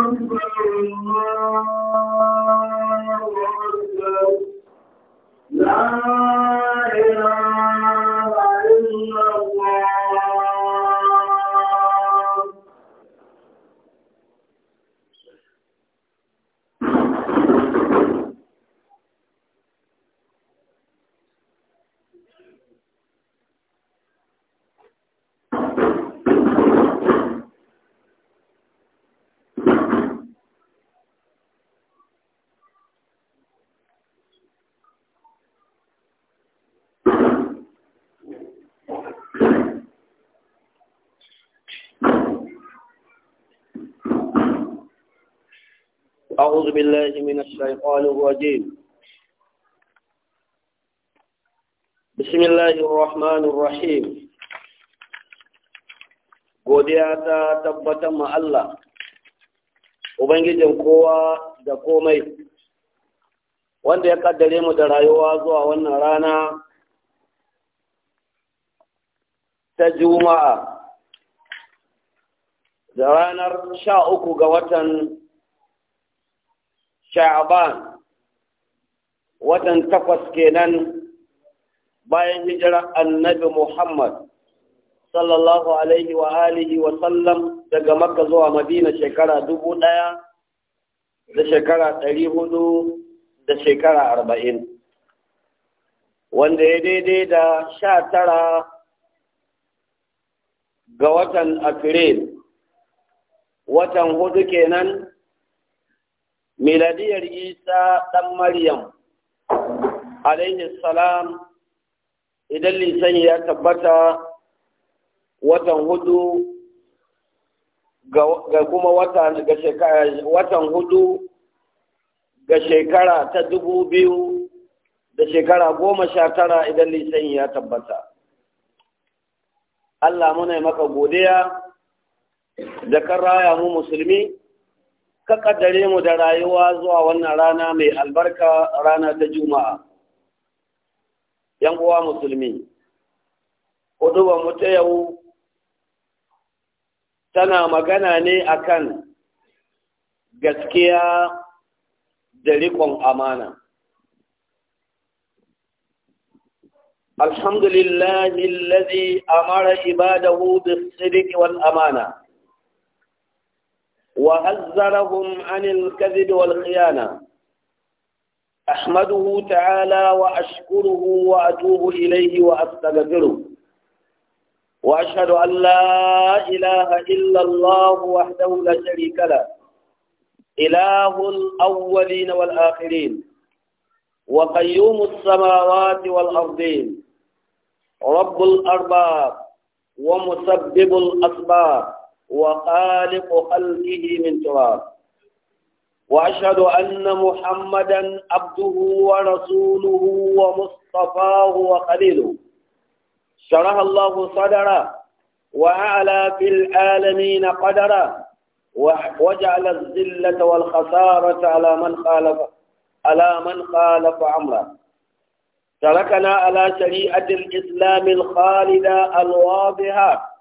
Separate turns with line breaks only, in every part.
أكبر الله أعوذ بالله من الشيطان الرجيم بسم الله الرحمن الرحيم godiya ta tabbatar ma Allah ubangijin kowa da komai wanda ya kaddare mu da rayuwa zuwa wannan rana ta juma'a da ranar sha uku ga watan sha'aban watan takwas kenan bayan hijirar annabi Muhammad sallallahu alaihi wa alihi wa sallam daga Makka zuwa Madina shekara dubu ɗaya da shekara ɗari hudu da shekara arba'in wanda ya daidai da sha tara ga watan Afril watan hudu kenan miladiyar isa ɗan maryam alayhi salam idan lisan ya tabbata watan hudu ga kuma watan hudu ga shekara ta dubu biyu da shekara goma sha tara idan lisan ya tabbata Allah muna maka godiya da kan raya mu musulmi ka kaddare mu da rayuwa zuwa wannan rana mai albarka rana ta juma'a yan uwa musulmi hudubar mu ta yau tana magana ne akan gaskiya da riƙon amana alhamdulillahi allazi amara ibadahu bis sidqi wal amana وحذرهم عن الكذب والخيانة أحمده تعالى وأشكره وأتوب إليه وأستغفره وأشهد أن لا إله إلا الله وحده لا شريك له إله الأولين والآخرين وقيوم السماوات والأرضين رب الأرباب ومسبب الأسباب وخالق خلقه من تراب وأشهد أن محمدا عبده ورسوله ومصطفاه وخليله شرح الله صدره وأعلى في العالمين قدره وجعل الذلة والخسارة على من خالف على من خالف أمره تركنا على شريعة الإسلام الخالدة الواضحة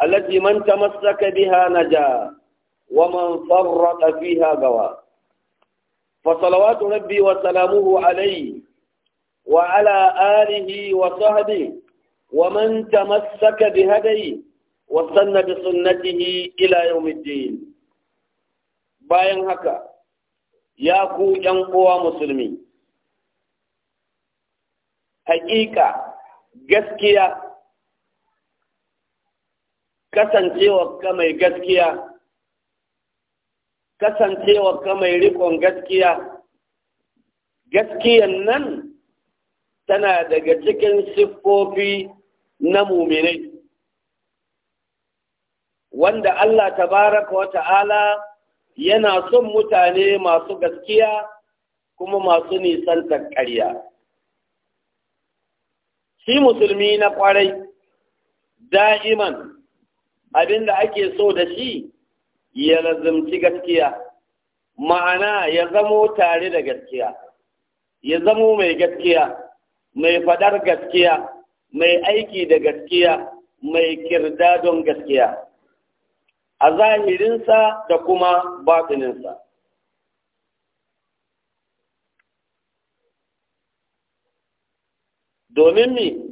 Alaji manta masu saka biha na ja wa masu tsarar tafiya gawa. Fasalwatu Rabi wa Salamu alaiyi wa ala Aliyu wasu abin wa manta masu saka biha wa sannan sunan kiyayyaki illayau mijina. Bayan haka, ya kuɗi ƴan uwa Musulmi. Haƙiƙa, gaskiya. kasancewa ka mai gaskiya kasancewa ka mai riƙon gaskiya gaskiyan nan tana daga cikin siffofi na muminai wanda Allah tabaraka wa ta'ala yana son mutane masu gaskiya kuma masu nisan ƙarya shi musulmi na kwarai da'iman abin da ake so da shi ya lazimci gaskiya ma'ana ya zamo tare da gaskiya ya zamo mai gaskiya mai faɗar gaskiya mai aiki da gaskiya mai kirdadon gaskiya a zahirinsa da kuma batininsa domin mi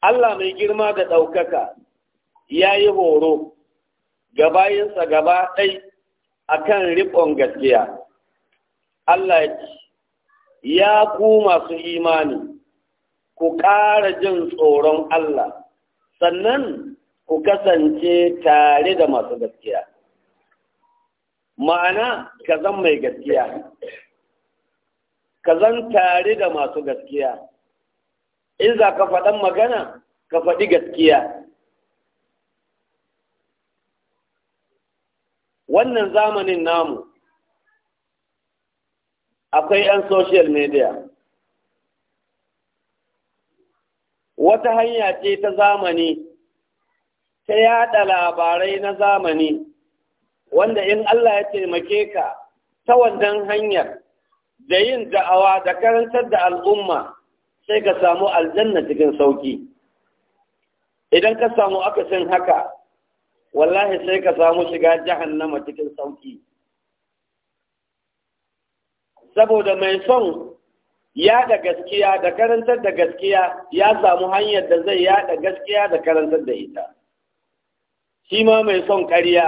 Allah mai girma da ɗaukaka ya yi horo ga bayinsa gaba ɗai a kan riƙon gaskiya. Allah ya ku masu imani, ku ƙara jin tsoron Allah, sannan ku kasance tare da masu gaskiya. Ma'ana, ka zan mai gaskiya, ka zan tare da masu gaskiya. In za ka faɗan magana, ka faɗi gaskiya. wannan zamanin namu akwai 'yan social media wata hanya ce ta zamani ta yada labarai na zamani wanda in Allah ya taimake ka ta wannan hanyar da yin da'awa da karantar da al'umma sai ka samu aljanna cikin sauki idan ka samu akasin haka wallahi sai ka samu shiga jahannama cikin sauki saboda mai son da gaskiya da karantar da gaskiya ya samu hanyar da zai da gaskiya da karantar da ita shi ma mai son ƙarya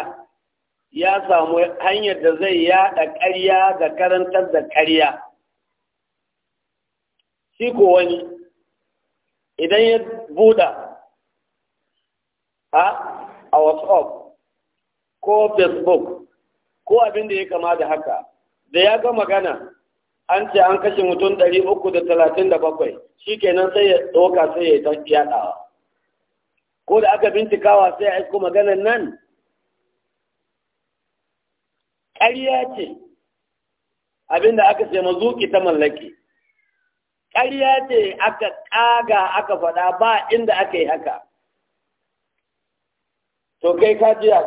ya samu hanyar da zai da ƙarya da karantar da ƙarya shi ko wani idan ya buɗa a whatsapp ko facebook ko abin da ya kama da haka da ya ga magana an ce an kashe mutum ɗari uku da da shi kenan sai ya ɗauka sai ya yi yaɗawa ko da aka bincikawa sai a aiko maganan nan ƙarya ce abin da aka ce mazuki ta mallake ƙarya ce aka ƙaga aka faɗa ba inda aka yi haka to kai ka ji a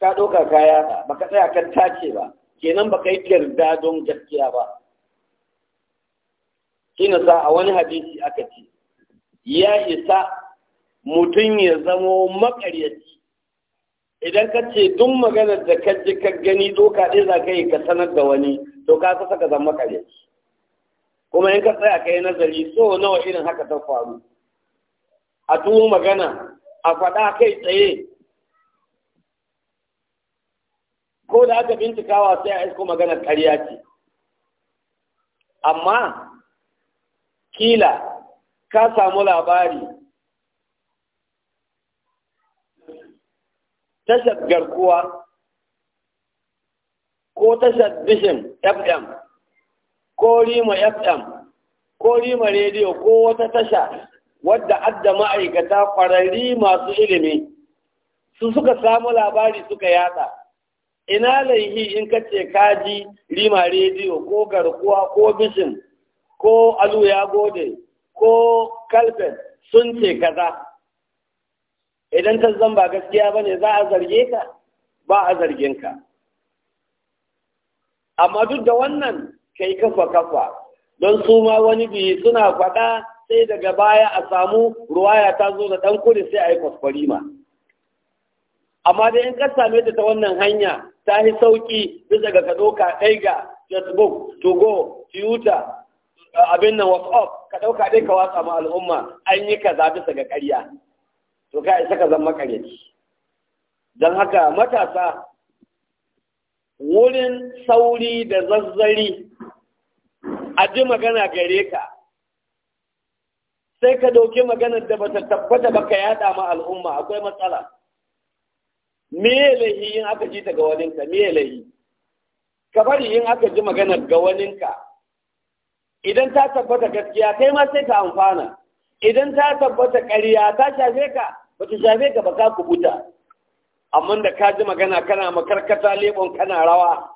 ka ɗauka kaya ba ba ka tsaya kan tace ba kenan ba ka yi yarda don gaskiya ba shine sa a wani hadisi aka ce ya isa mutum ya zamo makaryaci idan ka ce duk maganar da ka ji ka gani doka ɗaya za ka yi ka sanar da wani to ka kusa ka zama makaryaci kuma in ka tsaya ka yi nazari so nawa irin haka ta faru a tuwo magana a faɗa kai tsaye ko da aka bincikawa sai a isko maganar ƙarya ce amma kila ka samu labari tashar garkuwa ko tashar bishin fm ko rima fm ko rima rediyo ko wata tasha wadda adda ma'aikata ƙwararri masu ilimi su suka samu labari suka yada ina laihi in ka ce kaji rima rediyo ko garkuwa ko bishin ko alu ya gode ko kalfen sun ce kaza idan ta zan ba gaskiya ba ne za a zarge ka ba a zargin ka amma duk da wannan kai kafa kafa don su ma wani biyu suna faɗa sai daga baya a samu ruwaya ta zo da ɗan kuri sai a yi kwasfari ma. amma da in ka same ta ta wannan hanya ta yi sauki bisa ga ka ɗauka ɗai ga facebook to go twitter abin nan whatsapp ka ɗauka ɗai ka watsa ma al'umma an yi kaza bisa ga ƙarya to ka isa ka zama ƙaryaci don haka matasa wurin sauri da zazzari a ji magana gare ka sai ka ɗauki maganar da ba ta tabbata ba ka yaɗa ma al'umma akwai matsala me ya in aka ji ta ga waninka me ya ka bari in aka ji magana ga idan ta tabbata gaskiya kai ma sai ka amfana idan ta tabbata ƙarya ta shafe ka ba ta shafe ka ba ka kubuta amma da ka ji magana kana makarkata lebon kana rawa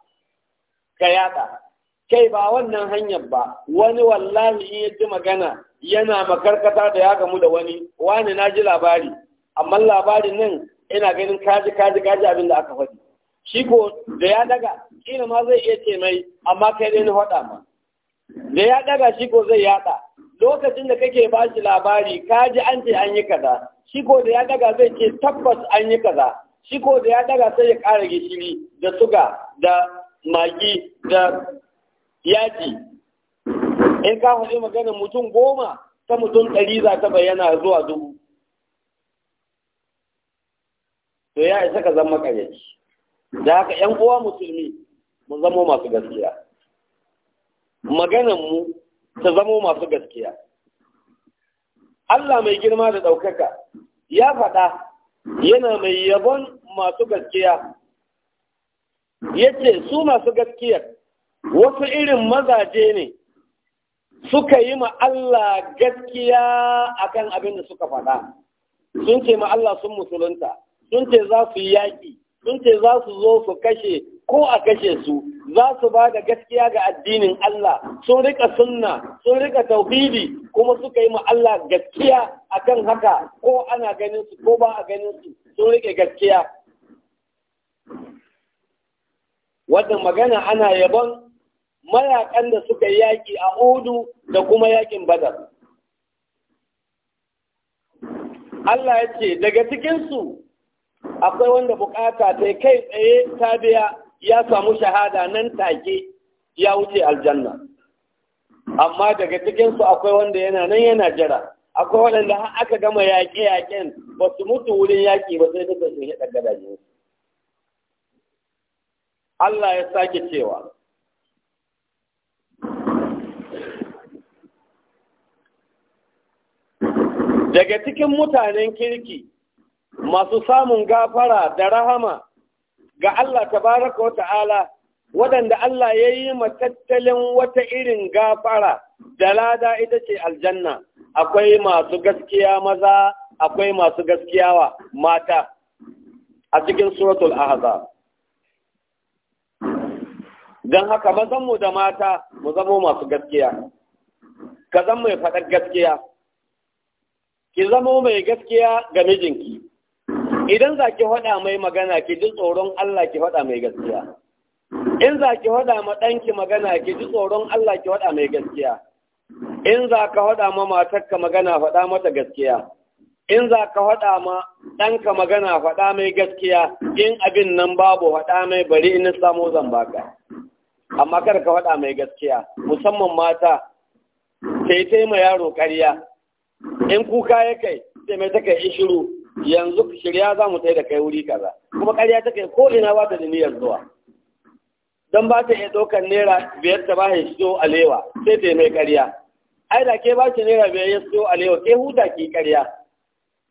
ka yada kai ba wannan hanyar ba wani wallahi in ya ji magana yana makarkata da ya gamu da wani wani na ji labari amma labarin nan ina ganin kaji kaji kaji abin da aka faɗi shi ko da ya daga kila ma zai iya ce mai amma kai dai na faɗa ma da ya daga shi ko zai yaɗa lokacin da kake ba shi labari kaji an ce an yi kaza shi ko da ya daga zai ce tabbas an yi kaza shi ko da ya daga sai ya ƙara gishiri da suga da magi da yaji in ka faɗi maganin mutum goma ta mutum ɗari za ta bayyana zuwa dubu to ya isa ka zama ƙaryaci da haka ‘yan uwa musulmi mu zamo masu gaskiya maganarmu ta zamo masu gaskiya Allah mai girma da ɗaukaka ya faɗa yana mai yabon masu gaskiya ya su masu gaskiya wasu irin mazaje ne suka yi ma Allah gaskiya akan abin da suka faɗa sun ce ma Allah sun musulunta sun ce za su yi yaƙi sun ce za su zo su kashe ko a kashe su za su ba da gaskiya ga addinin Allah sun rika sunna sun rika tauhidi kuma suka yi ma Allah gaskiya akan haka ko ana ganin su ko ba a ganin su sun rike gaskiya wannan magana ana yabon mayaƙan da suka yi yaƙi a Udu da kuma yaƙin Badar Allah ya ce daga cikinsu akwai wanda bukata ta kai tsaye ta biya ya samu shahada nan take ya wuce aljanna amma daga cikinsu akwai wanda yana nan yana jira akwai waɗanda har aka gama yaƙe-yaƙen ba su mutu wurin yaƙi ba sai duka sun yi ɗaga Allah ya sake cewa daga cikin mutanen kirki masu samun gafara da rahama ga Allah tabaraka wa ta'ala waɗanda Allah ya yi matattalin wata irin gafara da lada ita ce aljanna akwai masu gaskiya maza akwai masu gaskiyawa mata a cikin suratul ahzab don haka mazanmu da mata mu zamo masu gaskiya ka zan mai faɗar gaskiya ki zamo mai gaskiya ga mijinki idan za ki hada mai magana ki ji tsoron Allah ki hada mai gaskiya in za ki hada ma danki magana ki ji tsoron Allah ki hada mai gaskiya in za ka hada ma matarka magana faɗa mata gaskiya in za ka hada ma ɗanka magana faɗa mai gaskiya in abin nan babu hada mai bari in samu zan baka amma kar ka hada mai gaskiya musamman mata sai ta yi ma yaro ƙarya in kuka ya kai sai mai ta kai shiru yanzu shirya za mu tsaye da kai wuri kaza kuma ƙarya take ko ina ba ta da niyyar zuwa don ba ta iya ɗaukar naira biyar ta ba shi so alewa sai ta yi mai ƙarya ai da ke ba shi naira biyar ya so alewa ke huta ki ƙarya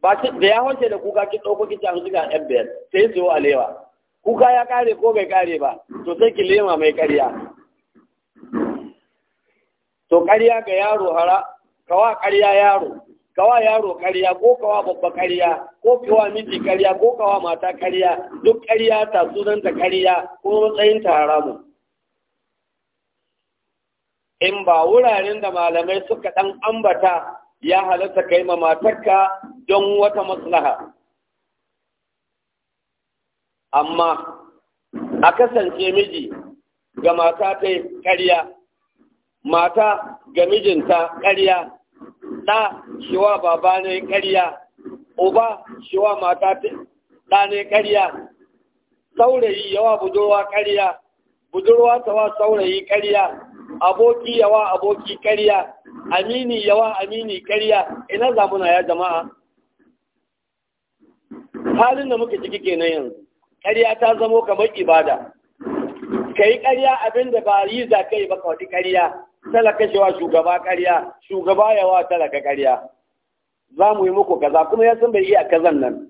ba da ya hanshe da kuka ki ɗauko ki can zuga ɗan biyar sai so alewa kuka ya ƙare ko bai ƙare ba to sai ki lema mai ƙarya to ƙarya ga yaro hara kawa ƙarya yaro kawa yaro karya, ko kawa babba kariya ko kawa miji kariya ko kawa mata karya, duk ƙarya ta sunanta karya, ko matsayin ta haramu in ba wuraren da malamai suka ɗan ambata ya halatta kai ma matarka don wata maslaha amma a kasance miji ga mata ta kariya mata ga mijinta karya. Da shiwa baba ne ƙarya uba shiwa mata ta ne ƙarya saurayi yawa budurwa ƙarya budurwa tawa saurayi ƙarya aboki yawa aboki ƙarya amini yawa amini ƙarya ina zamuna ya jama'a halin da muka ciki kenan yanzu ƙarya ta zamo kamar ibada ka yi ƙarya abin da ba yi za ka yi ba kawai ƙarya talaka cewa shugaba ƙarya shugaba yawa talaka ƙarya za mu yi muku kaza kuma ya san bai a kazan nan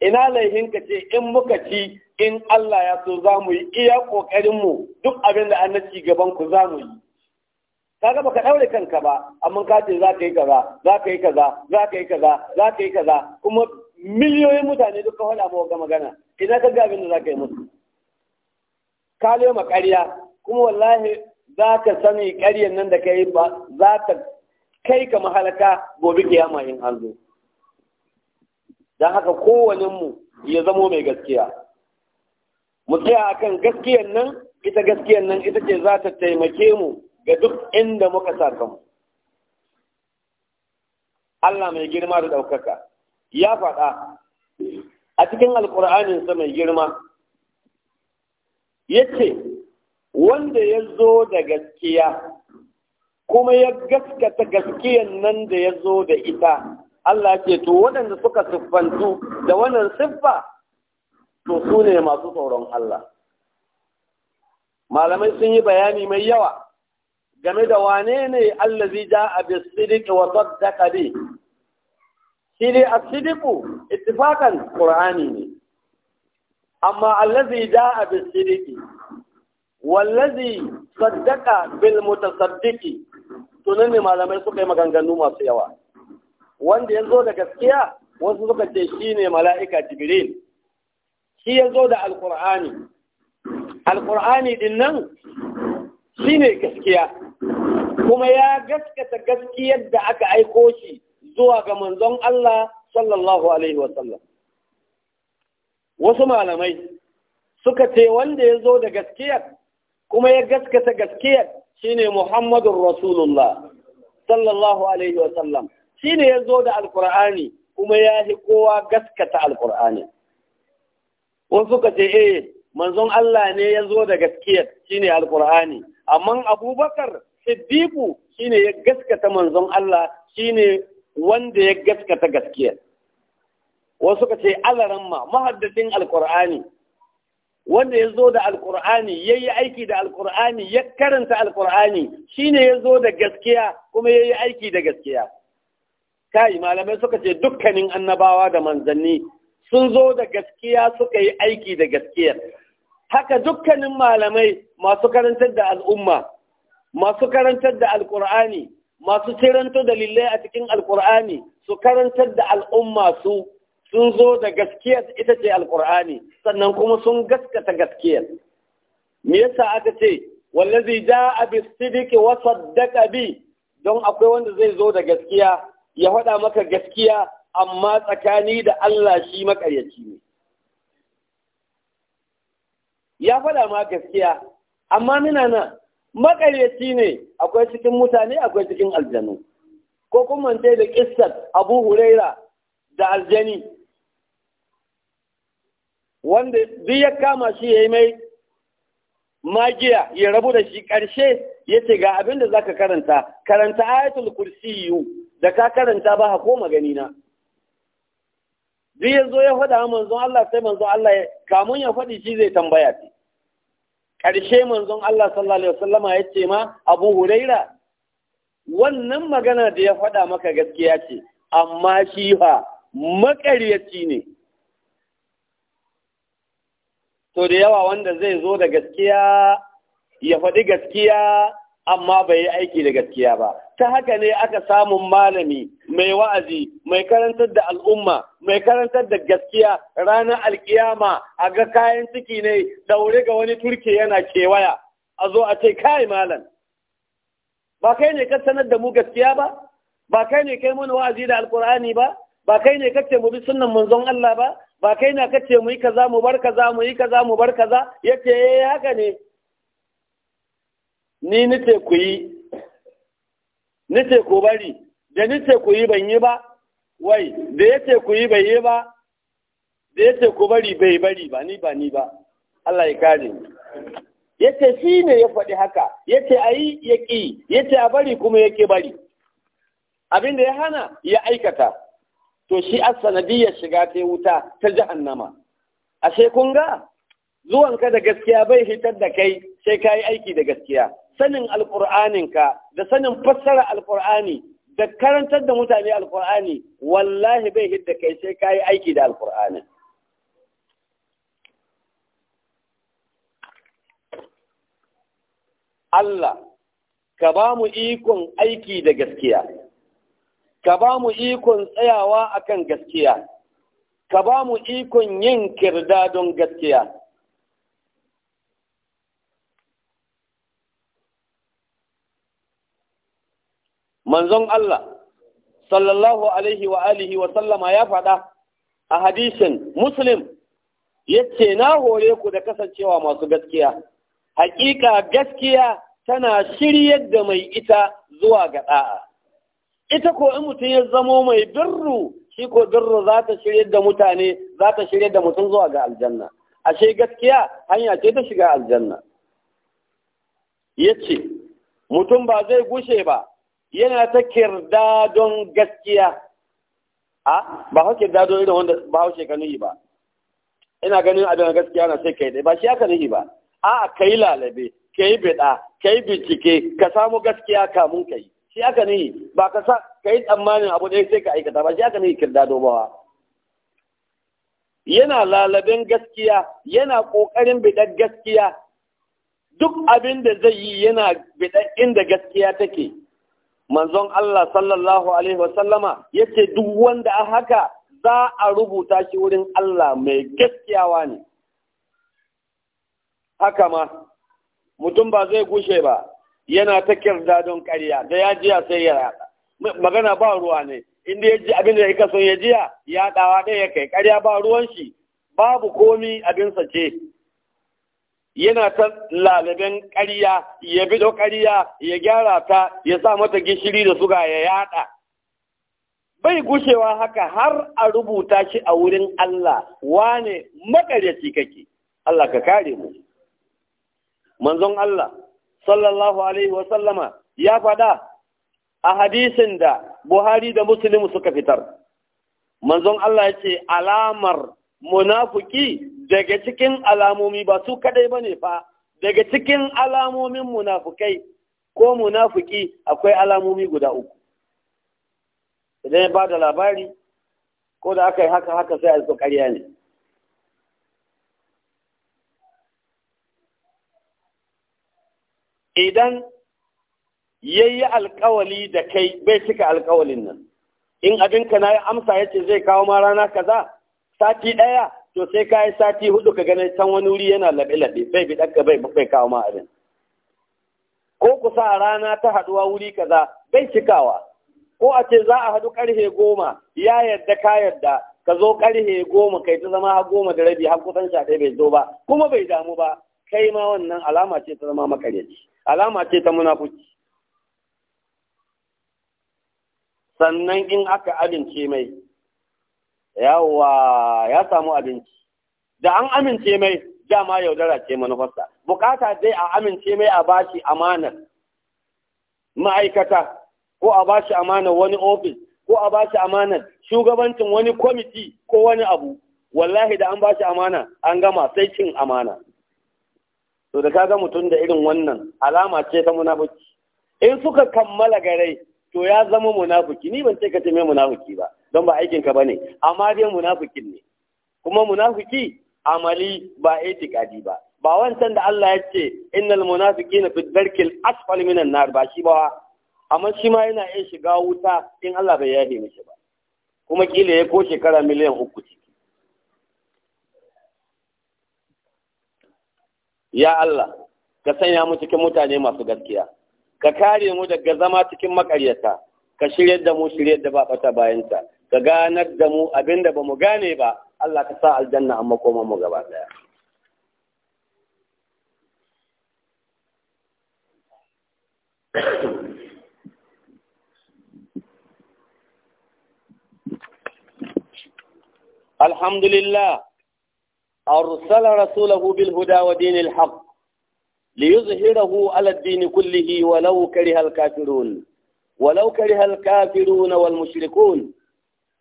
ina laihin ka ce in muka ci in Allah ya so za mu yi iya ƙoƙarinmu duk abin da an ci gaban ku za mu yi kaga baka daure kanka ba amma ka ce za ka yi kaza za ka yi kaza za ka yi kaza za ka yi kaza kuma miliyoyin mutane duk ka faɗa ga magana ina ka ga abin da za ka yi musu ka lema ƙarya kuma wallahi za ka sani ƙaryar nan da ka yi ba za ta kai ka mahalaka gobe ke in yin zo don haka kowaninmu ya zamo mai gaskiya mu tsaya a kan gaskiyan nan ita gaskiyan nan ita ce za ta taimake mu ga duk inda muka sa kanmu Allah mai girma da ɗaukaka ya faɗa a cikin alƙur'aninsa mai girma yace wanda ya zo da gaskiya kuma ya gaskata gaskiyan nan da ya zo da ita Allah ce to waɗanda suka siffantu da wannan siffa to su ne masu tsoron Allah malamai sun yi bayani mai yawa game da wane ne zai ja a sidiq wa saddaqa bi shi ne a sidiku ittifaqan ne amma Allah zai ja a sidiq wallazi saddaka bil mutasaddiqi tunan ne malamai suka yi maganganu masu yawa wanda ya zo da gaskiya wasu suka ce shi ne mala'ika jibril shi ya zo da alƙur'ani alƙur'ani din nan shi ne gaskiya kuma ya gaskata gaskiyar da aka aiko shi zuwa ga manzon Allah sallallahu alaihi wasallam wasu malamai suka ce wanda ya zo da gaskiyar kuma ya gaskata gaskiyar shine Muhammadun Rasulullah sallallahu alaihi wa sallam shine ya zo da alkur'ani kuma ya yi kowa gaskata alkur'ani wasu ka ce eh manzon Allah ne ya zo da gaskiyar shine alkur'ani amma Abubakar Siddiqu shine ya gaskata manzon Allah shine wanda ya gaskata gaskiyar wasu ka ce alaran ma mahaddacin alkur'ani wanda ya zo da alkur'ani ya yi aiki da alkur'ani ya karanta alkur'ani shine ya zo da gaskiya kuma ya yi aiki da gaskiya kai malamai suka ce dukkanin annabawa da manzanni sun zo da gaskiya suka yi aiki da gaskiya haka dukkanin malamai masu karantar da al'umma masu karantar da alkur'ani masu tiranto dalilai a cikin alkur'ani su karantar da al'umma su sun zo da gaskiyar ita ce alkur'ani sannan kuma sun gaskata gaskiyar me yasa aka ce wallazi ja'a bi sidiki wa saddaqa bi don akwai wanda zai zo da gaskiya ya faɗa maka gaskiya amma tsakani da Allah shi makaryaci ne ya faɗa ma gaskiya amma muna nan makaryaci ne akwai cikin mutane akwai cikin aljanu ko kuma da kissar Abu Huraira da aljani wanda duk ya kama shi ya yi mai magiya ya rabu da shi ƙarshe ya ce ga abin da za ka karanta karanta ayatul kursiyu da ka karanta ba hako magani na duk ya zo ya faɗa manzon Allah sai manzon Allah ya kamun ya faɗi shi zai tambaya ce ƙarshe manzon Allah sallallahu alaihi wasallama ya ce ma Abu Huraira wannan magana da ya faɗa maka gaskiya ce amma shi fa maƙaryaci ne to da yawa wanda zai zo da gaskiya ya faɗi gaskiya amma bai yi aiki da gaskiya ba ta haka ne aka samun malami mai wa'azi mai karantar da al'umma mai karantar da gaskiya ranar alkiyama a ga kayan ciki ne daure ga wani turke yana kewaya a zo a ce kai malam ba kai ne ka sanar da mu gaskiya ba ba kai ne kai mana wa'azi da alkur'ani ba ba kai ne ce mu bi sunnan manzon Allah ba ba kai na kace mu yi kaza mu bar kaza mu yi kaza mu bar kaza yace eh haka ne ni nace ku yi nace ku bari da nace ku yi ban yi ba wai da yace ku yi bai yi ba da yace ku bari bai bari ba ni ba ni ba Allah ya kare ni yace shi ne ya faɗi haka yace ayi ya ƙi yace a bari kuma yake bari abin da ya hana ya aikata to shi as shiga ta wuta ta jahannama ashe kun ga zuwanka da gaskiya bai hitar da kai sai ka aiki da gaskiya sanin alƙur'aninka da sanin fassara alƙur'ani da karantar da mutane alƙur'ani wallahi bai hidda da kai sai ka yi aiki da Alƙur'ani. Allah ka ba mu ikon aiki da gaskiya ka ba mu ikon tsayawa akan gaskiya ka ba mu ikon yin kirda don gaskiya manzon Allah sallallahu alaihi wa alihi wa sallama ya faɗa a hadisin muslim yace na hore ku da kasancewa masu gaskiya hakika gaskiya tana shiryar da mai ita zuwa ga ɗa'a ita ko in mutum ya zamo mai birru shi ko birru za ta shirya da mutane za ta shirya da mutum zuwa ga aljanna ashe gaskiya hanya ce ta shiga aljanna ya ce mutum ba zai gushe ba yana ta kirda don gaskiya a ba hau kirda don irin wanda ba hau shekanu yi ba ina ganin abin gaskiya na sai kai dai ba shi aka nihi ba a'a kai lalabe kai bida kai bincike ka samu gaskiya kamun kai shi aka ne ba ka sa ka yi tsammanin abu ɗaya sai ka aikata ba shi aka ne kirda dobawa yana lalabin gaskiya yana ƙoƙarin bidan gaskiya duk abin da zai yi yana biɗar inda gaskiya take manzon Allah sallallahu alaihi wasallama ya ce duk wanda haka za a rubuta shi wurin Allah mai gaskiyawa ne haka ma mutum ba zai gushe ba yana ta kirda don ƙarya da ya jiya sai ya yaɗa magana ba ruwa ne inda ya ji abin da ya kaso ya jiya ya ɗawa ɗaya ya kai ƙarya ba ruwan shi babu komi abinsa ce yana ta lalaben ƙarya ya bido ƙarya ya gyara ta ya sa mata gishiri da suga ya yaɗa bai gushewa haka har a rubuta shi a wurin Allah wane makaryaci kake Allah ka kare mu manzon Allah sallallahu alaihi wasallama ya faɗa a hadisin da Buhari da Muslim suka fitar. Manzon Allah ya ce alamar munafuki daga cikin alamomi ba su kadai ba ne fa, daga cikin alamomin munafukai ko munafuki akwai alamomi guda uku. Idan ya ba da labari, ko da aka yi haka haka sai a ƙarya ne. idan yayi alkawali da kai bai cika alkawalin nan in abinka na yi amsa ya ce zai kawo ma rana kaza sati ɗaya to sai ka yi sati hudu ka ganin can wani wuri yana laɓe-laɓe bai bi ɗanka bai bai kawo ma abin ko ku sa rana ta haɗuwa wuri kaza bai cikawa ko a ce za a haɗu ƙarfe goma ya yarda ka yarda ka zo ƙarfe goma kai ta zama har goma da rabi har kusan sha bai zo ba kuma bai damu ba kai ma wannan alama ce ta zama makaryaci alama ce ta munafuki sannan in aka amince mai yawa ya samu abinci da an amince mai dama yaudara ce manufarsa bukata dai a amince mai a bashi amanar ma'aikata ko a bashi amanar wani ofis ko a bashi amanar shugabancin wani kwamiti ko wani abu wallahi da an bashi amana an gama sai cin amana to da kaga mutum da irin wannan alama ce ta munafiki in suka kammala gare to ya zama munafuki. ni ban ce ka mai munafiki ba don ba aikin ka bane amma dai munafikin ne kuma munafuki amali ba itikadi ba ba wancan da Allah ya ce innal munafiqina fi dharkil asfal minan nar ba shi ba amma shi ma yana iya shiga wuta in Allah bai yabe mishi ba kuma kila ya ko shekara miliyan uku ce ya Allah ka sanya mu cikin mutane masu gaskiya ka kare mu daga zama cikin makaryata ka shiryar da mu shiryar da ba bata bayanta ka ganar da mu abinda ba mu gane ba Allah ka sa aljanna amma koma mu gaba daya Alhamdulillah أرسل رسوله بالهدى ودين الحق ليظهره على الدين كله ولو كره الكافرون ولو كره الكافرون والمشركون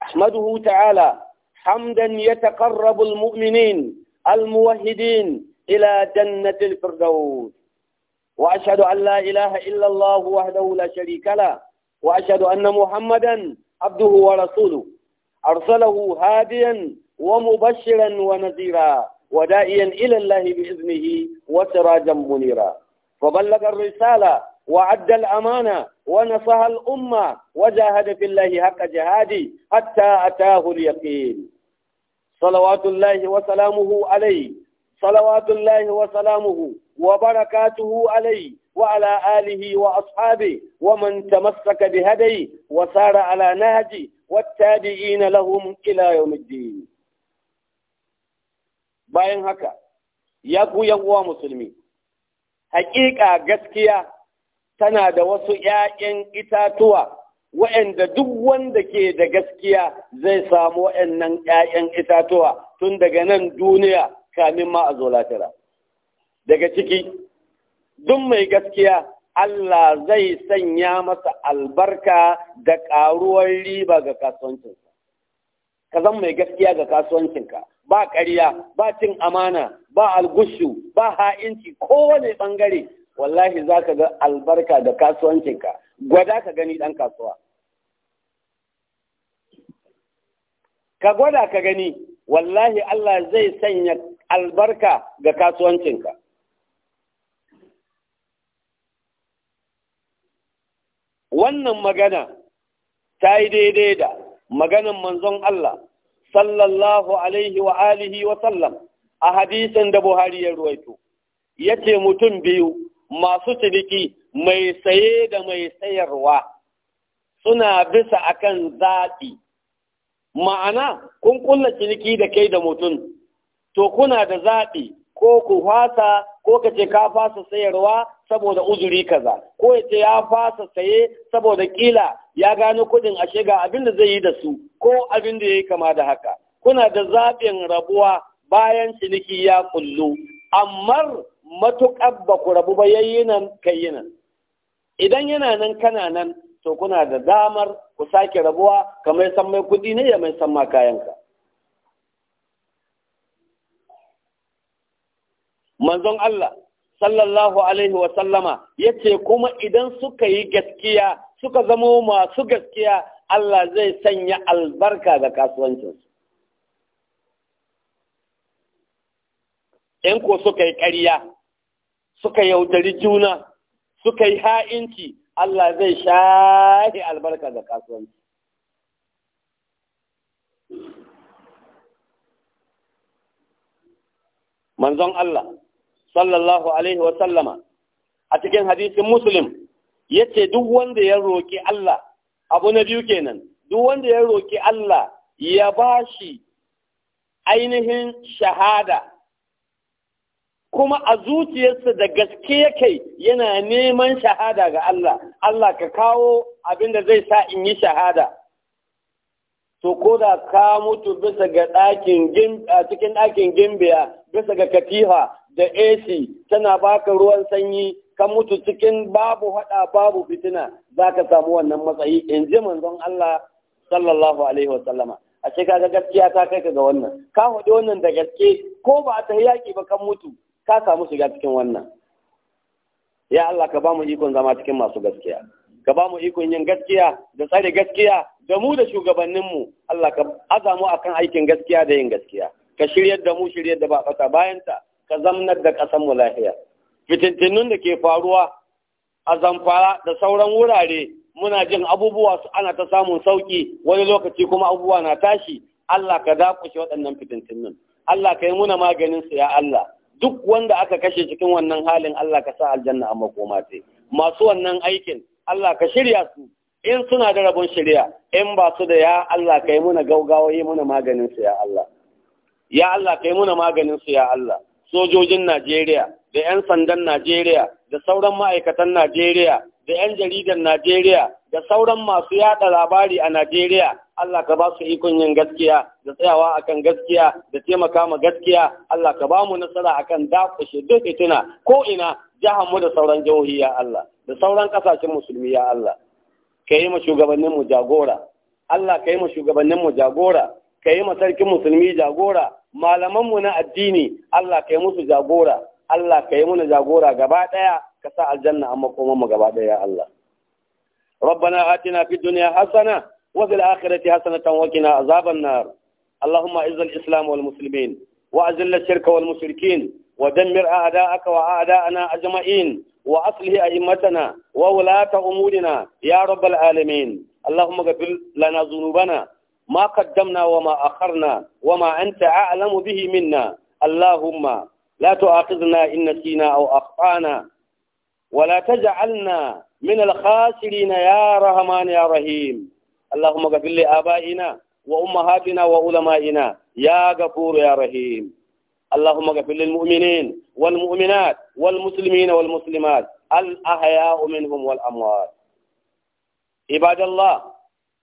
أحمده تعالى حمدا يتقرب المؤمنين الموحدين إلى جنة الفردوس وأشهد أن لا إله إلا الله وحده لا شريك له وأشهد أن محمدا عبده ورسوله أرسله هاديا ومبشرا ونذيرا وداعيا إلى الله بإذنه وسراجا منيرا فبلغ الرسالة وعد الأمانة ونصح الأمة وجاهد في الله حق جهادي حتى أتاه اليقين صلوات الله وسلامه عليه صلوات الله وسلامه وبركاته عليه وعلى آله وأصحابه ومن تمسك بهديه وسار على نهجه والتابعين لهم إلى يوم الدين bayan haka ya ku uwa musulmi hakika gaskiya tana da wasu ‘ya'yan itatuwa wa'yanda duk wanda ke da gaskiya zai samu wa'yannan ‘ya'yan itatuwa tun daga nan duniya kamin ma a zo latira. Daga ciki, duk mai gaskiya Allah zai sanya masa albarka da ƙaruwar riba ga kasuwancinsa. Ka zan mai gaskiya ga kasuwancinka, ba ƙarya ba cin amana ba algushu ba ha'inci kowane ɓangare wallahi za ka ga albarka da kasuwancinka gwada ka gani ɗan kasuwa ka gwada ka gani wallahi Allah zai sanya albarka ga kasuwancinka wannan magana ta yi daidai da maganan manzon Allah sallallahu alaihi wa alihi wa sallam a hadisin da Buhari ya ruwaito yace mutum biyu masu ciniki mai saye da mai sayarwa suna bisa akan zaɓi ma'ana kun kulla ciniki da kai da mutum to kuna da zaɓi ko ku fasa ko ka ce ka fasa sayarwa saboda uzuri kaza ko ya ce ya fasa saye saboda kila ya gano kudin ashe ga abin da zai yi da su ko abin da ya yi kama da haka kuna da zaɓin rabuwa bayan ciniki ya kullu amma matuƙar ba ku rabu ba yayi nan kai yi nan idan yana nan kana nan to kuna da damar ku sake rabuwa kamar san mai kuɗi ne ya mai san ma kayanka manzon Allah sallallahu alaihi wa sallama yace kuma idan suka yi gaskiya suka zama masu gaskiya Allah zai sanya albarka ga kasuwancinsu in ko suka yi ƙarya suka yaudari juna suka yi ha'inci Allah zai shahi albarka ga kasuwanci manzon Allah sallallahu alaihi wa sallama a cikin hadisin muslim yace duk wanda ya roki Allah abu na biyu kenan duk wanda ya roki Allah ya bashi ainihin shahada kuma a zuciyarsa da gaske yake yana neman shahada ga Allah Allah ka kawo abin da zai sa in yi shahada to ko da ka mutu bisa ga ɗakin cikin ɗakin gimbiya bisa ga katifa da AC tana baka ruwan sanyi ka mutu cikin babu hada babu fitina za ka samu wannan matsayi in ji manzon Allah sallallahu alaihi wasallama a ce ga gaskiya ta kai ka ga wannan ka faɗi wannan da gaske ko ba ta yaki ba kan mutu ka samu shiga cikin wannan ya Allah ka ba mu ikon zama cikin masu gaskiya ka ba mu ikon yin gaskiya da tsare gaskiya da mu da shugabanninmu Allah ka azamu akan aikin gaskiya da yin gaskiya ka shiryar da mu shiryar da ba fata bayanta ka zamnar da ƙasar mu lafiya fitintinun da ke faruwa a zamfara da sauran wurare muna jin abubuwa su ana ta samun sauƙi wani lokaci kuma abubuwa na tashi Allah ka dakushe waɗannan fitintinun Allah ka yi muna maganin su ya Allah duk wanda aka kashe cikin wannan halin Allah ka sa aljanna a makoma ce masu wannan aikin Allah ka shirya su in suna da rabon shirya in ba su da ya Allah ka yi muna gaugawa yi muna maganin ya Allah ya Allah ka yi muna maganin su ya Allah sojojin Najeriya da 'yan sandan Najeriya da sauran ma'aikatan Najeriya da 'yan jaridan Najeriya da sauran masu yada labari a Najeriya Allah ka ba su ikon yin gaskiya da tsayawa akan gaskiya da taimaka ma gaskiya Allah ka ba mu nasara akan dakushe duk ituna ko ina jihar mu da sauran jihohi ya Allah da sauran kasashen musulmi ya Allah ka yi ma shugabannin jagora Allah ka yi ma shugabannin jagora ka yi ma sarkin musulmi jagora malaman mu na addini Allah kai musu jagora Allah kai yi muna jagora gaba daya ka sa aljanna amma kuma mu gaba ɗaya Allah ربنا آتنا في الدنيا حسنة وفي الآخرة حسنة وقنا عذاب النار اللهم أعز الإسلام والمسلمين وأذل الشرك والمشركين ودمر أعداءك وأعداءنا أجمعين وأصلح أئمتنا وولاة أمورنا يا رب العالمين اللهم اغفر لنا ذنوبنا ما قدمنا وما أخرنا وما أنت أعلم به منا اللهم لا تؤاخذنا إن نسينا أو أخطأنا ولا تجعلنا من الخاسرين يا رحمن يا رحيم اللهم اغفر لآبائنا وأمهاتنا وعلمائنا يا غفور يا رحيم اللهم اغفر للمؤمنين والمؤمنات والمسلمين والمسلمات الأحياء منهم والأموات عباد الله